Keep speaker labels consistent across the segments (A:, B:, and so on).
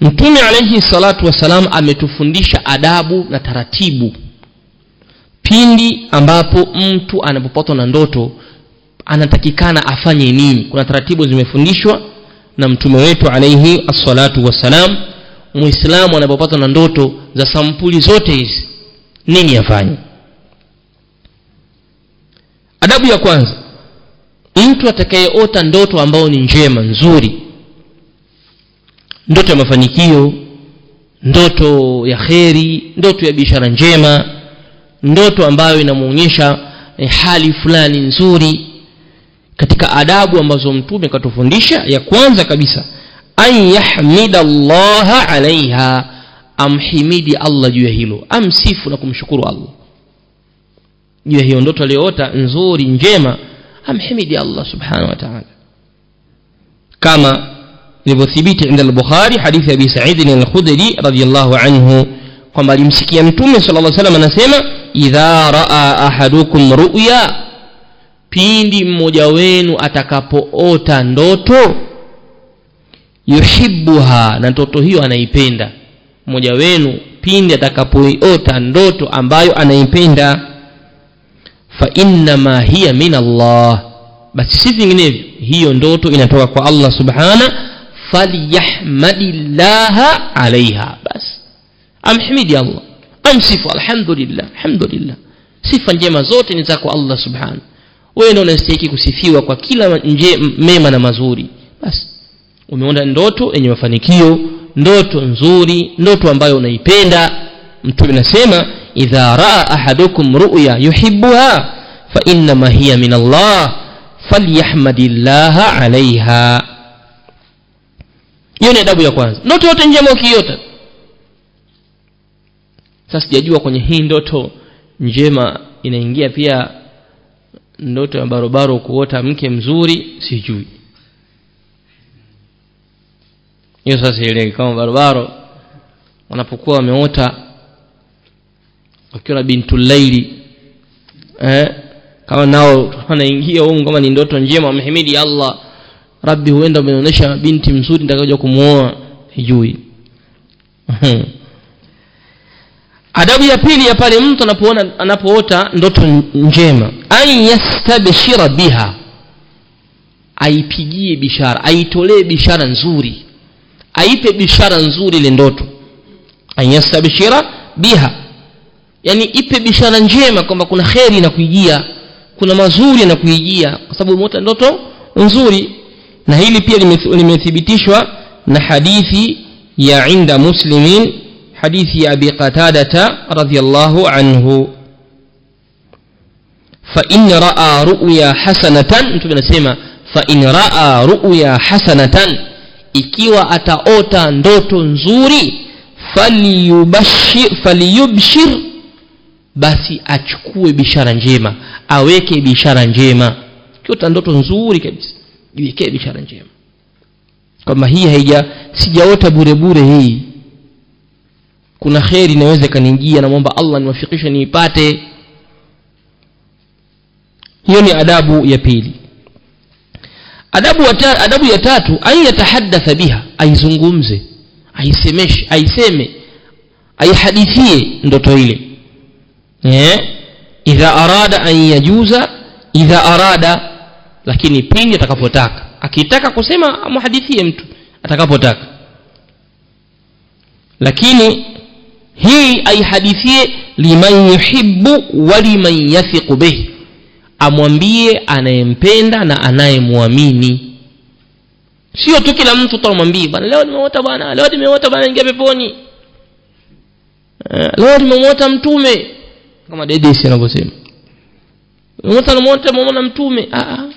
A: mtume alaihi salatu wassalam ametufundisha adabu na taratibu pindi ambapo mtu anapopatwa na ndoto anatakikana afanye nini kuna taratibu zimefundishwa na mtume wetu alaihi assalatu wassalam muislamu anapopatwa na ndoto za sampuli zote hizi nini afanye adabu ya kwanza mtu atakayeota ndoto ambayo ni njema nzuri ndoto ya mafanikio ndoto ya kheri ndoto ya biashara njema ndoto ambayo inamuonyesha e, hali fulani nzuri katika adabu ambazo mtume akatufundisha ya kwanza kabisa an yahmida llaha alaiha amhimidi allah juu ya hilo amsifu na kumshukuru allah juu ya hiyo ndoto aliyoota nzuri njema amhimidi allah subhanahu wa taala kama ilivyothibiti inda al-Bukhari hadithi ya Abi Sa'id al-Khudri radiyallahu anhu kwamba alimsikia Mtume sallallahu alaihi wasallam anasema idha raa ahadukum ru'ya pindi mmoja wenu atakapoota ndoto yuhibuha na ndoto hiyo anaipenda mmoja wenu pindi atakapoiota ndoto ambayo anaipenda fa hiya min Allah basi si vinginevyo hiyo ndoto inatoka kwa Allah subhanah falyahmadillaha alaiha basi amhimidi allah amsifu alhamdulillah alhamdulillah sifa njema zote ni kwa allah subhanahu wewe ndio unastahili kusifiwa kwa kila nje mema na mazuri basi umeona ndoto yenye mafanikio ndoto nzuri ndoto ambayo unaipenda mtume anasema idha raa ahadukum ru'ya yuhibbuha fa hiya min allah falyahmadillaha alaiha hiyo ni adabu ya kwanza ndoto yote njema ukiota sasa sijajua kwenye hii ndoto njema inaingia pia ndoto ya barobaro kuota mke mzuri sijui hiyo sasa ile kama barobaro wanapokuwa wameota wakiwa na bintulaili eh, kama nao wanaingia humu kama ni ndoto njema wamehimidi allah rabbi huenda umeonyesha binti mzuri nitakayokuja kumuoa hijui adabu ya pili ya pale mtu anapoona anapoota ndoto njema an yastabshira biha aipigie bishara aitolee bishara nzuri aipe bishara nzuri ile ndoto an yastabshira biha yani ipe bishara njema kwamba kuna kheri inakuijia kuna mazuri yanakuijia kwa sababu umeota ndoto nzuri na hili pia limethibitishwa na hadithi ya inda muslimin hadithi ya abi qatadata radhiallahu anhu fain raa ruya hasanatan mtume anasema fa in raa ruya hasanatan ikiwa ataota ndoto nzuri faliyubshir basi achukue bishara njema aweke bishara njema kiota ndoto nzuri kabisa jiwekee bishara njema kwamba hii haija sijaota bure bure hii kuna kheri inaweza ikanijia namwomba allah niwafikishe niipate hiyo ni adabu ya pili adabu, wata, adabu ya tatu an yatahadatha biha aizungumze aisemeshe aiseme aihadithie ndoto ile yeah. idha arada an yajuza idha arada lakini pindi atakapotaka akitaka kusema amhadithie mtu atakapotaka lakini hii aihadithie liman yuhibbu wa liman yathiqu bihi amwambie anayempenda na anayemwamini sio tu kila mtu utamwambie bwana leo nimeota bwana leo nimeota bwana ingia peponi eh, leo nimemwota mtume kama dedesi anavyosema nimemwota mtume ah, ah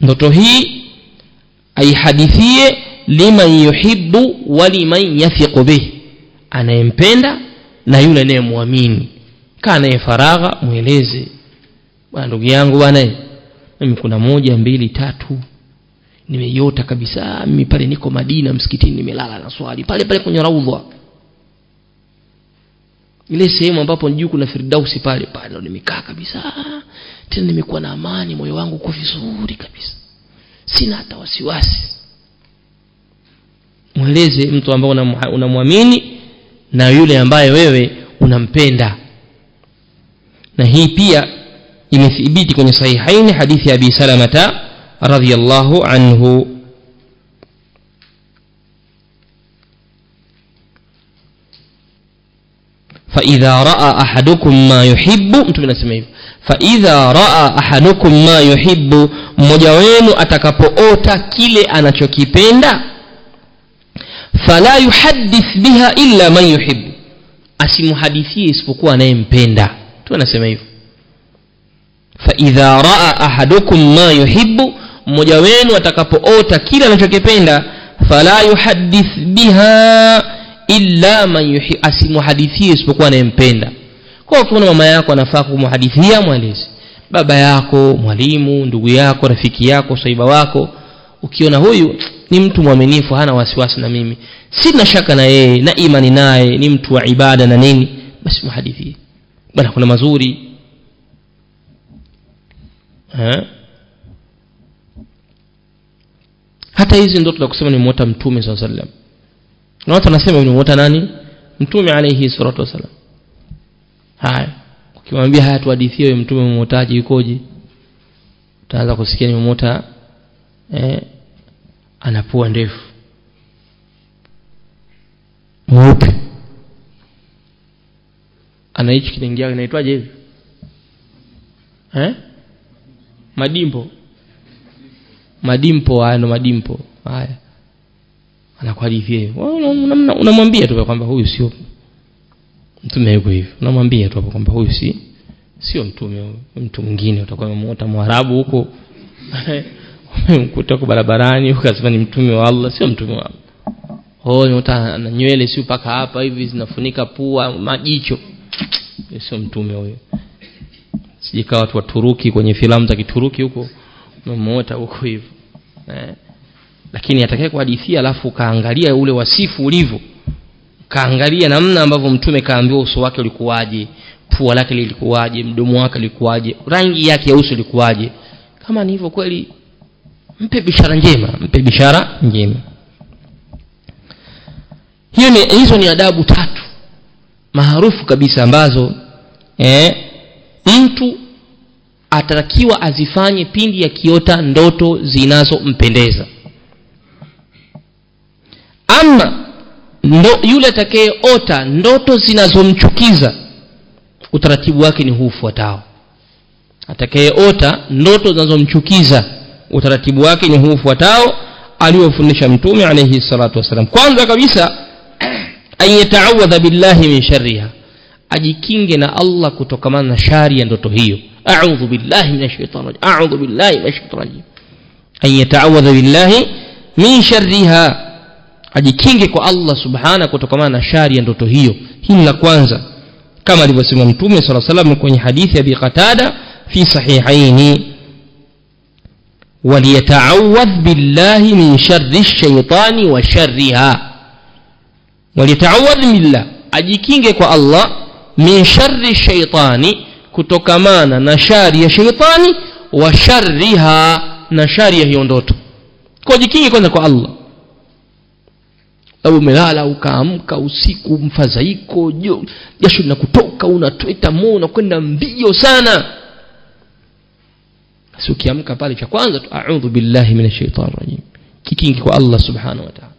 A: ndoto hii aihadithie liman yuhibbu wa liman yathiqu bih anayempenda na yule anayemwamini kaa naye faragha mweleze bwana ndugu yangu bwana mimi kuna moja mbili tatu nimeyota kabisa mimi pale niko madina msikitini nimelala na swali pale pale kwenye raudhwa ile sehemu ambapo juu kuna firdausi pale pale nimekaa kabisa tena nimekuwa na amani moyo wangu uko vizuri kabisa sina hata wasiwasi mweleze mtu ambaye unamwamini na yule ambaye wewe unampenda na hii pia imethibiti kwenye sahihaini hadithi ya abi salamata radhiallahu anhu فإذا رأى أحدكم ما يحب أنتم من faidha raa ahadukum ma yuhibbu mmoja wenu atakapoota kile anachokipenda fala yuhadith biha illa man yuhibbu asimuhadithie isipokuwa anayempenda tu anasema hivyo faidha raa ahadukum ma yuhibbu mmoja wenu atakapoota kile anachokipenda fala yuhadith biha illa man yuhibbu asimuhadithie isipokuwa anayempenda kwa mfano mama yako anafaa kumhadithia mweleze baba yako mwalimu ndugu yako rafiki yako saiba wako ukiona huyu ni mtu mwaminifu hana wasiwasi na mimi sina shaka na yeye na imani naye ni mtu wa ibada na nini basi mhadithie bana kuna mazuri ha? hata hizi ndoto za kusema nimeota mtume saa salam na watu wanasema nimeota nani mtume alaihi salatu wassalam haya ukimwambia haya tuhadithie huyo mtume mmotaji yukoje utaanza kusikia mmota eh, anapua ndefu mweupe anaichi kitengia inaitwaje hivi eh? madimpo madimpo haya ndo madimpo haya anakuhadithia unamwambia una, una tu kwamba huyu sio mtume yuko hivyo unamwambia tu hapo kwamba huyu si sio mtume mtu mwingine utakuwa umemuota mwarabu huko umemkuta huko barabarani ukasema ni mtume wa allah sio mtume wa allah oh na nywele sio paka hapa hivi zinafunika pua majicho sio mtume huyo sijikaa watu waturuki kwenye filamu za kituruki huko umemwota huko hivyo eh. lakini atakaye kuhadithia alafu ukaangalia ule wasifu ulivyo kaangalia namna ambavyo mtume kaambiwa uso wake ulikuwaje pua lake lilikuwaje mdomo wake ulikuwaje rangi yake ya uso ilikuwaje kama ni hivyo kweli mpe bishara njema mpe bishara njema hiyo ni hizo ni adabu tatu maarufu kabisa ambazo eh, mtu atatakiwa azifanye pindi kiota ndoto zinazompendeza ama ndo, yule atakayeota ndoto zinazomchukiza utaratibu wake ni huu ufuatao atakayeota ndoto zinazomchukiza utaratibu wake ni huu ufuatao aliyofundisha mtume alayhi salatu wasalam kwanza kabisa an billahi min sharriha ajikinge na allah kutokamana na shari ya ndoto hiyo audhu billahi minashaitani rajim audhu billahi minashaitani rajim an yataawadha billahi min sharriha ajikinge kwa allah subhana kutokamana na shari ya ndoto hiyo hili la kwanza kama alivyosema mtume sala salam kwenye hadithi ya biqatada fi sahihaini waliyataawadh billahi min shari lshaitani wa shariha waliyataawadh billah ajikinge kwa allah min shari shaitani kutokamana na shari ya sheitani wa shariha na shari ya hiyo ndoto kwa jikinge kwanza kwa allah labda umelala ukaamka usiku mfadhaiko jasho linakutoka unatweta mo unakwenda mbio sana basi ukiamka pale cha kwanza tu audhu billahi min shaitani rajim kikingi kwa allah subhanahu wataala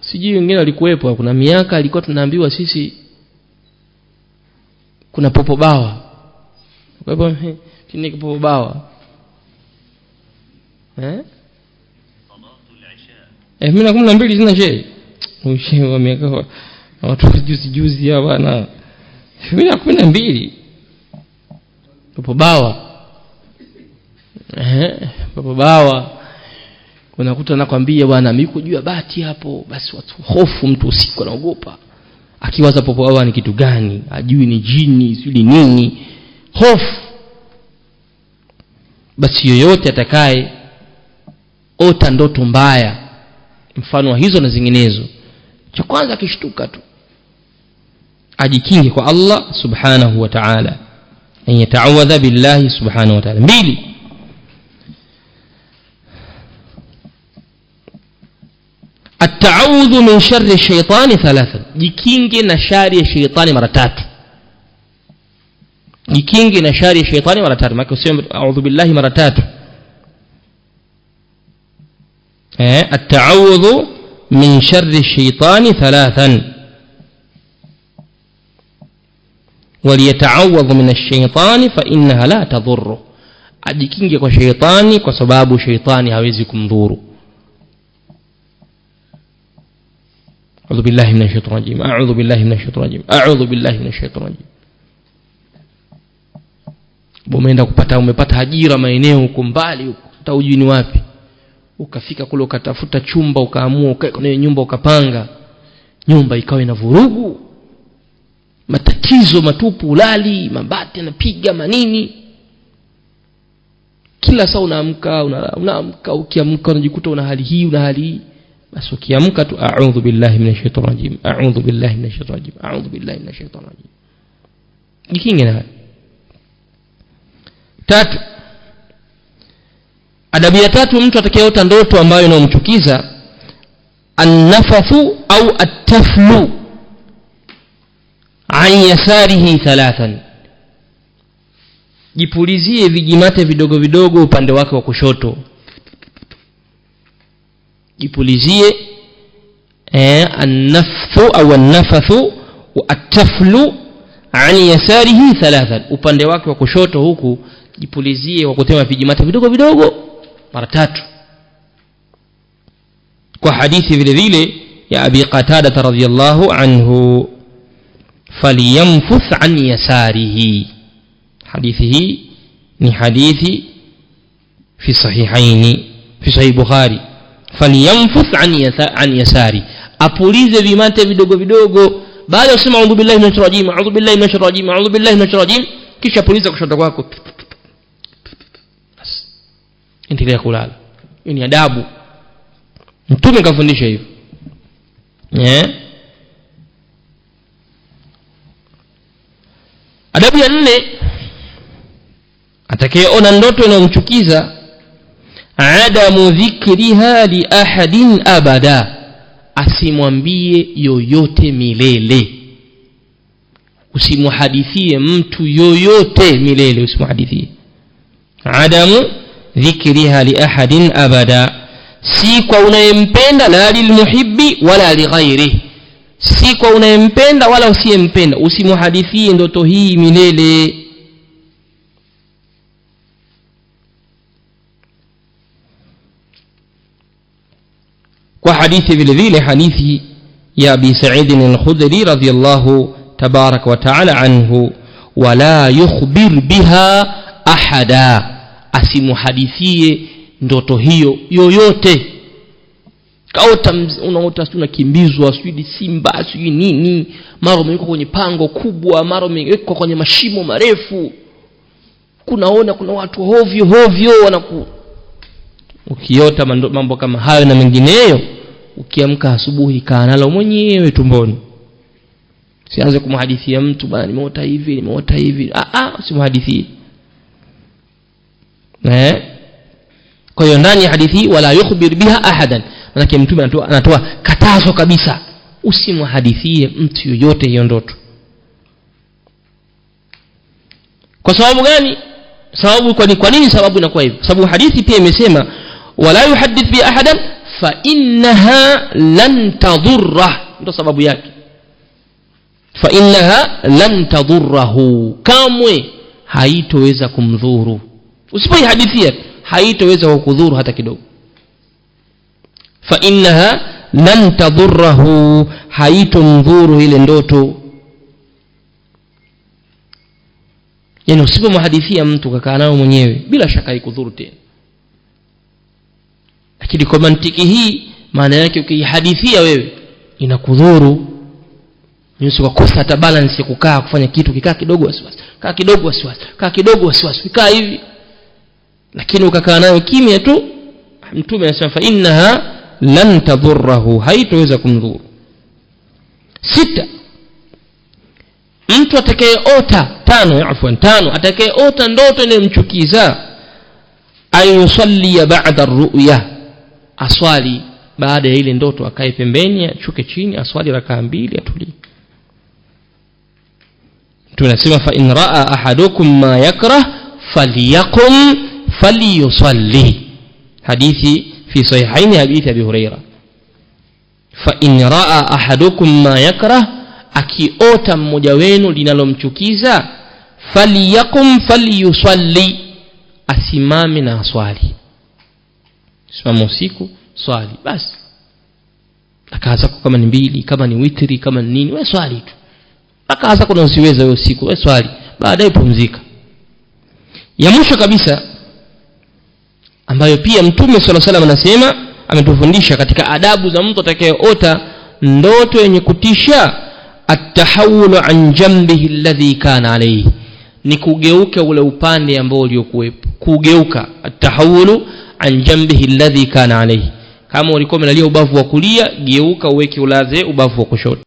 A: sijui wengine walikuwepo kuna miaka alikuwa tunaambiwa sisi kuna popo bawa kwepo chini popo bawa eh? elfu eh, mbili na kumi na mbili sina shei ushewa miaka watu juzi juzi hapa bana elfu mbili na kumi na mbili bawa eh papo bawa unakuta nakwambia bwana mimi kujua bati hapo basi watu hofu mtu usiku anaogopa akiwaza popo bawa ni kitu gani ajui ni jini sijui nini hofu basi yoyote atakaye ota ndoto mbaya mfano wa hizo na zinginezo cha kwanza akishtuka tu ajikinge kwa Allah subhanahu wa ta'ala an yata'awadha billahi subhanahu wa ta'ala mbili التعوذ من شر الشيطان ثلاثا jikinge na shari ya shaytani mara tatu jikinge na shari ya shaytani mara tatu maana useme a'udhu billahi mara tatu إيه؟ التعوذ من شر الشيطان ثلاثا وليتعوذ من الشيطان فإنها لا تضر ajikinge kwa شيطاني kwa sababu sheitani hawezi kumdhuru أعوذ بالله من الشيطان الرجيم أعوذ بالله من الشيطان الرجيم أعوذ بالله من الشيطان الرجيم umeenda kupata umepata ajira maeneo huko mbali huko hata hujui ni wapi ukafika kule ukatafuta chumba ukaamua ukaeka nayo nyumba ukapanga nyumba ikawa ina vurugu matatizo matupu ulali mabati yanapiga manini kila saa unaamka unaamka una ukiamka unajikuta una hali hii una hali hii basi ukiamka tu a'udhu billahi minash shaitani rajim a'udhu billahi minash shaitani rajim a'udhu billahi minash shaitani rajim jikinge na tatu adabu ya tatu mtu atakayeota ndoto ambayo inayomchukiza annafathu au attaflu an yasarihi thalathan jipulizie vijimate vidogo vidogo upande wake wa kushoto jipulizie eh, annafthu au annafathu attaflu an yasarihi thalathan upande wake wa kushoto huku jipulizie kwa kutema vijimate vidogo vidogo mara tatu kwa hadithi vile vile ya abi qatada radhiyallahu anhu falyamfuth an yasarihi hadithi hii ni hadithi fi sahihaini fi sahih bukhari falyamfuth an yasa, an yasari apulize vimate vidogo vidogo baada ya kusema a'udhu billahi minash rajim a'udhu billahi minash rajim a'udhu billahi minash rajim kisha puliza kushoto kwako endelea kulala hiyo ni adabu mtume kafundisha hivyo yeah. adabu ya nne atakayeona ndoto inayomchukiza adamu dhikriha li ahadin abada asimwambie yoyote milele usimuhadithie mtu yoyote milele usimuhadithie adamu ذكرها لأحد أبدا سيكو unayempenda la lilmuhibbi wala lighairihi siko unayempenda wala usiyempenda usimhadithie ndoto hii milele kwa hadithi vile vile hadithi ya abi saidin alkhudri radiallahu tabaraka wataala anhu wala yukhbir biha ahada asimuhadithie ndoto hiyo yoyote kaota unaota sijui unakimbizwa sijui simba sijui nini mara umewekwa kwenye pango kubwa mara umewekwa kwenye mashimo marefu kunaona kuna watu hovyo hovyo wanaku ukiota mambo kama hayo na mengineyo ukiamka asubuhi kaa nalo mwenyewe tumboni sianze kumhadithia mtu bana nimeota hivi nimeota hivi ah, ah, simhadithie eh kwa hiyo ndani ya hadithi hii wala yukhbir biha ahadan manake mtume anatoa, katazo kabisa usimhadithie mtu yoyote hiyo ndoto kwa sababu gani sababu kwa, ni, kwa nini sababu inakuwa hivyo sababu hadithi pia imesema wala yuhadith bi ahadan fa innaha lan tadhurra ndo sababu yake fa innaha lan tadhurrahu kamwe haitoweza kumdhuru usipoihadithia haitoweza kukudhuru hata kidogo fa innaha lan tadhurrahu haitomdhuru ile ndoto yani usipomhadithia mtu kakaa nayo mwenyewe bila shaka haikudhuru tena lakini kwa mantiki hii maana yake ukiihadithia wewe inakudhuru nyusi kwa kosa hata balance ya kukaa kufanya kitu kikaa kidogo wasiwasi kaa kidogo wasiwasi kaa kidogo wasiwasi kaa hivi lakini ukakaa nayo kimya tu mtume anasema fa innaha lan tadhurrahu haitoweza kumdhuru sita mtu atakayeota tano afwan tano atakayeota ndoto inayomchukiza ayusallia ba'da ruya aswali baada ya ile ndoto akae pembeni achuke chini aswali rakaa mbili atulie tunasema fa in raa ahadukum ma yakrah falyakum falyusalli hadithi fi sahihaini hadithi abi huraira fa in raa ahadukum ma yakrah akiota mmoja wenu linalomchukiza falyakum falyusalli asimame na aswali simama usiku swali basi akaa zako kama ni mbili kama ni witri kama ni nini we swali tu akaa zako na usiweza we usiku we swali baadaye pumzika ya mwisho kabisa ambayo pia mtume sala salam anasema ametufundisha katika adabu za mtu atakayeota ndoto yenye kutisha atahawulu an jambihi alladhi kana alayhi ni kugeuka ule upande ambao uliokuwepo kugeuka atahawulu an jambihi alladhi kana alayhi kama ulikuwa umelalia ubavu wa kulia geuka uweke ulaze ubavu wa kushoto